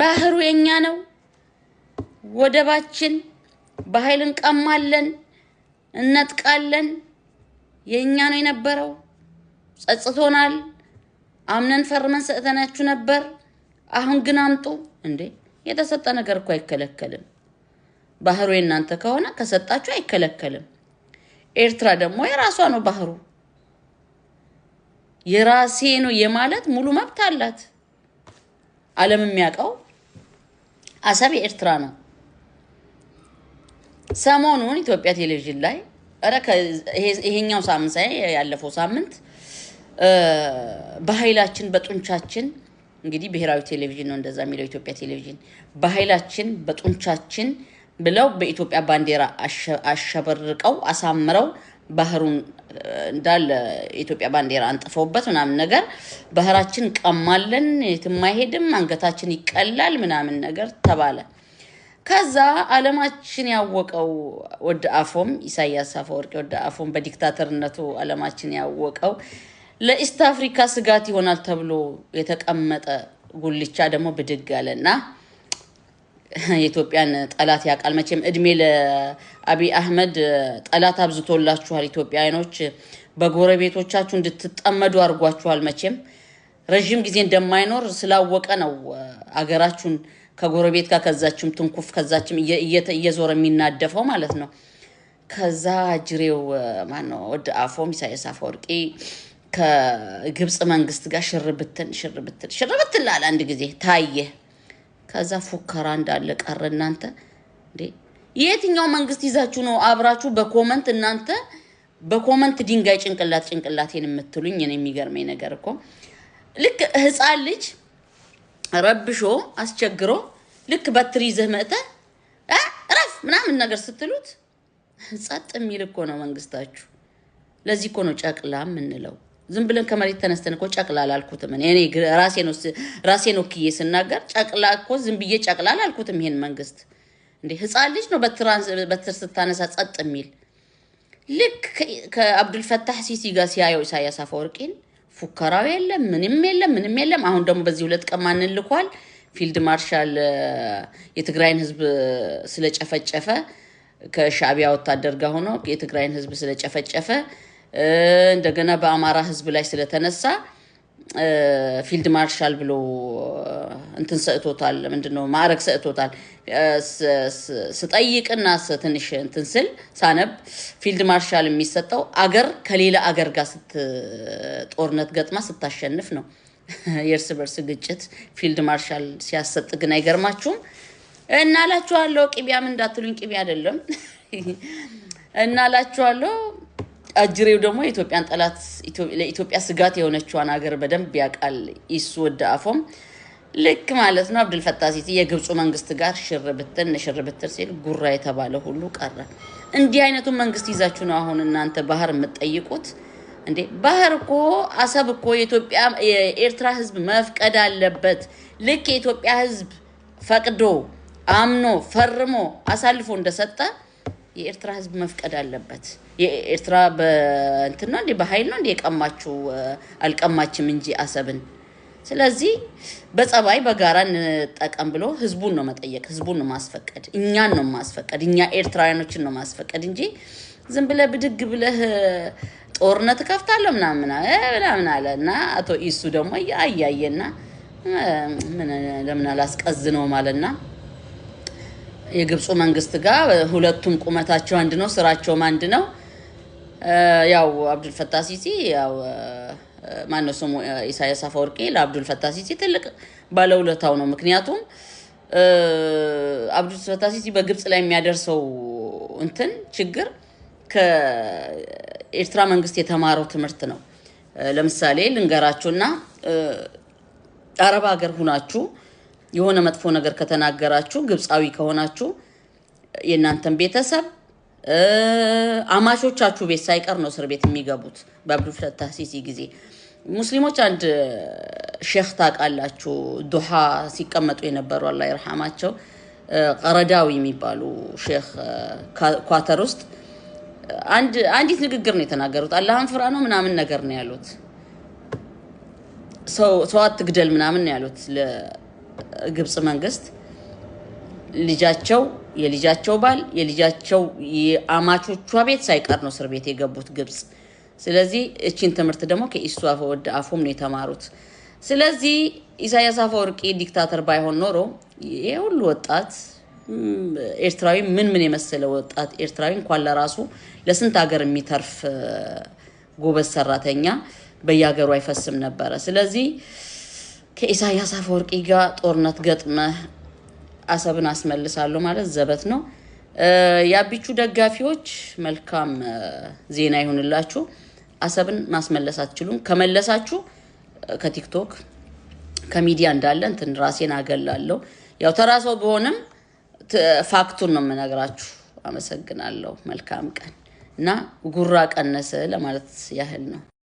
ባህሩ የኛ ነው፣ ወደባችን በኃይል እንቀማለን፣ እነጥቃለን። የኛ ነው የነበረው። ጸጽቶናል። አምነን ፈርመን ሰጥተናችሁ ነበር። አሁን ግን አምጡ እንዴ! የተሰጠ ነገር እኮ አይከለከልም። ባህሩ የእናንተ ከሆነ ከሰጣችሁ አይከለከልም። ኤርትራ ደግሞ የራሷ ነው። ባህሩ የራሴ ነው የማለት ሙሉ መብት አላት። ዓለም የሚያውቀው አሰብ የኤርትራ ነው። ሰሞኑን ኢትዮጵያ ቴሌቪዥን ላይ ኧረ ይሄኛው ሳምንት ሳይ ያለፈው ሳምንት በኃይላችን በጡንቻችን እንግዲህ ብሔራዊ ቴሌቪዥን ነው እንደዛ የሚለው ኢትዮጵያ ቴሌቪዥን በኃይላችን በጡንቻችን ብለው በኢትዮጵያ ባንዲራ አሸበርቀው አሳምረው ባህሩን እንዳለ የኢትዮጵያ ባንዲራ አንጥፈውበት ምናምን ነገር ባህራችን ቀማለን፣ የትም አይሄድም፣ አንገታችን ይቀላል ምናምን ነገር ተባለ። ከዛ አለማችን ያወቀው ወደ አፎም ኢሳያስ አፈወርቂ ወደ አፎም በዲክታተርነቱ አለማችን ያወቀው ለኢስት አፍሪካ ስጋት ይሆናል ተብሎ የተቀመጠ ጉልቻ ደግሞ ብድግ አለና የኢትዮጵያን ጠላት ያውቃል። መቼም እድሜ ለአቢይ አህመድ ጠላት አብዝቶላችኋል። ኢትዮጵያውያኖች በጎረቤቶቻችሁ እንድትጠመዱ አድርጓችኋል። መቼም ረዥም ጊዜ እንደማይኖር ስላወቀ ነው አገራችሁን ከጎረቤት ጋር ከዛችም ትንኩፍ ከዛችም እየዞረ የሚናደፈው ማለት ነው። ከዛ ጅሬው ማነው ወደ አፎም ኢሳያስ አፈወርቂ ከግብፅ መንግስት ጋር ሽርብትን ሽርብትን ሽርብትን ላለ አንድ ጊዜ ታየ። ከዛ ፉከራ እንዳለ ቀረ። እናንተ እንዴ የትኛው መንግስት ይዛችሁ ነው አብራችሁ በኮመንት እናንተ በኮመንት ድንጋይ ጭንቅላት ጭንቅላቴን የምትሉኝ? እኔ የሚገርመኝ ነገር እኮ ልክ ህፃን ልጅ ረብሾ አስቸግሮ ልክ በትር ይዘህ መጥተህ እረፍ ምናምን ነገር ስትሉት ጸጥ የሚል እኮ ነው መንግስታችሁ። ለዚህ እኮ ነው ጨቅላ የምንለው። ዝም ብለን ከመሬት ተነስተን እኮ ጨቅላ አላልኩትም። እኔ ራሴን ወክዬ ስናገር ጨቅላ እኮ ዝም ብዬ ጨቅላ አላልኩትም። ይሄን መንግስት እንዴ ህፃን ልጅ ነው በትር ስታነሳ ጸጥ የሚል ልክ ከአብዱልፈታህ ሲሲ ጋር ሲያየው ኢሳያስ አፈወርቂን ፉከራው የለም፣ ምንም የለም፣ ምንም የለም። አሁን ደግሞ በዚህ ሁለት ቀን ማንን ልኳል? ፊልድ ማርሻል የትግራይን ህዝብ ስለጨፈጨፈ ከሻዕቢያ ወታደር ጋር ሆኖ የትግራይን ህዝብ ስለጨፈጨፈ እንደገና በአማራ ህዝብ ላይ ስለተነሳ ፊልድ ማርሻል ብሎ እንትን ሰጥቶታል። ምንድነው ማዕረግ ሰጥቶታል። ስጠይቅና ትንሽ እንትን ስል ሳነብ ፊልድ ማርሻል የሚሰጠው አገር ከሌላ አገር ጋር ጦርነት ገጥማ ስታሸንፍ ነው። የእርስ በርስ ግጭት ፊልድ ማርሻል ሲያሰጥ ግን አይገርማችሁም? እና ላችኋለሁ። ቅቢያም እንዳትሉኝ ቅቢያ አይደለም እናላችኋለሁ? አጅሬው ደግሞ የኢትዮጵያን ጠላት ለኢትዮጵያ ስጋት የሆነችዋን ሀገር በደንብ ያውቃል። ይሱ ወደ አፎም ልክ ማለት ነው። አብድልፈታ ሲቲ የግብፁ መንግስት ጋር ሽር ብትን ሽር ብትን ሲል ጉራ የተባለ ሁሉ ቀረ። እንዲህ አይነቱን መንግስት ይዛችሁ ነው አሁን እናንተ ባህር የምትጠይቁት እንዴ? ባህር እኮ አሰብ እኮ የኢትዮጵያ የኤርትራ ህዝብ መፍቀድ አለበት። ልክ የኢትዮጵያ ህዝብ ፈቅዶ አምኖ ፈርሞ አሳልፎ እንደሰጠ የኤርትራ ህዝብ መፍቀድ አለበት። የኤርትራ በእንትን ነው እንዲህ በሀይል ነው እንዴ የቀማችው? አልቀማችም እንጂ አሰብን። ስለዚህ በጸባይ በጋራ እንጠቀም ብሎ ህዝቡን ነው መጠየቅ፣ ህዝቡን ነው ማስፈቀድ፣ እኛን ነው ማስፈቀድ፣ እኛ ኤርትራውያኖችን ነው ማስፈቀድ እንጂ ዝም ብለህ ብድግ ብለህ ጦርነት እከፍታለሁ ምናምን ምናምን አለ እና አቶ ኢሱ ደግሞ አያየና ምን ለምን አላስቀዝነውም አለና የግብፁ መንግስት ጋር ሁለቱም ቁመታቸው አንድ ነው፣ ስራቸውም አንድ ነው። ያው አብዱልፈታ ሲሲ ያው ማነው ስሙ ኢሳያስ አፈወርቂ ለአብዱልፈታ ሲሲ ትልቅ ባለውለታው ነው። ምክንያቱም አብዱልፈታ ሲሲ በግብፅ ላይ የሚያደርሰው እንትን ችግር ከኤርትራ መንግስት የተማረው ትምህርት ነው። ለምሳሌ ልንገራችሁና አረብ ሀገር ሁናችሁ የሆነ መጥፎ ነገር ከተናገራችሁ ግብፃዊ ከሆናችሁ የእናንተን ቤተሰብ አማቾቻችሁ ቤት ሳይቀር ነው እስር ቤት የሚገቡት። በአብዱልፈታህ ሲሲ ጊዜ ሙስሊሞች አንድ ሼክ ታውቃላችሁ፣ ዱሃ ሲቀመጡ የነበሩ አላህ ይርሐማቸው ቀረዳዊ የሚባሉ ሼክ ኳተር ውስጥ አንዲት ንግግር ነው የተናገሩት። አላህን ፍራ ነው ምናምን ነገር ነው ያሉት። ሰው አትግደል ምናምን ነው ያሉት ግብጽ መንግስት ልጃቸው የልጃቸው ባል የልጃቸው የአማቾቿ ቤት ሳይቀር ነው እስር ቤት የገቡት ግብጽ። ስለዚህ እቺን ትምህርት ደግሞ ከኢሱ ወደ አፎም ነው የተማሩት። ስለዚህ ኢሳያስ አፈወርቂ ዲክታተር ባይሆን ኖሮ ይሄ ሁሉ ወጣት ኤርትራዊ ምን ምን የመሰለ ወጣት ኤርትራዊ እንኳን ለራሱ ለስንት ሀገር የሚተርፍ ጎበዝ ሰራተኛ በየሀገሩ አይፈስም ነበረ። ስለዚህ ከኢሳያስ አፈወርቂ ጋር ጦርነት ገጥመህ አሰብን አስመልሳለሁ ማለት ዘበት ነው። የአቢቹ ደጋፊዎች መልካም ዜና ይሁንላችሁ። አሰብን ማስመለስ አትችሉም። ከመለሳችሁ ከቲክቶክ ከሚዲያ እንዳለ እንትን ራሴን አገላለሁ። ያው ተራ ሰው ብሆንም ፋክቱን ነው የምነግራችሁ። አመሰግናለሁ። መልካም ቀን እና ጉራ ቀነሰ ለማለት ያህል ነው።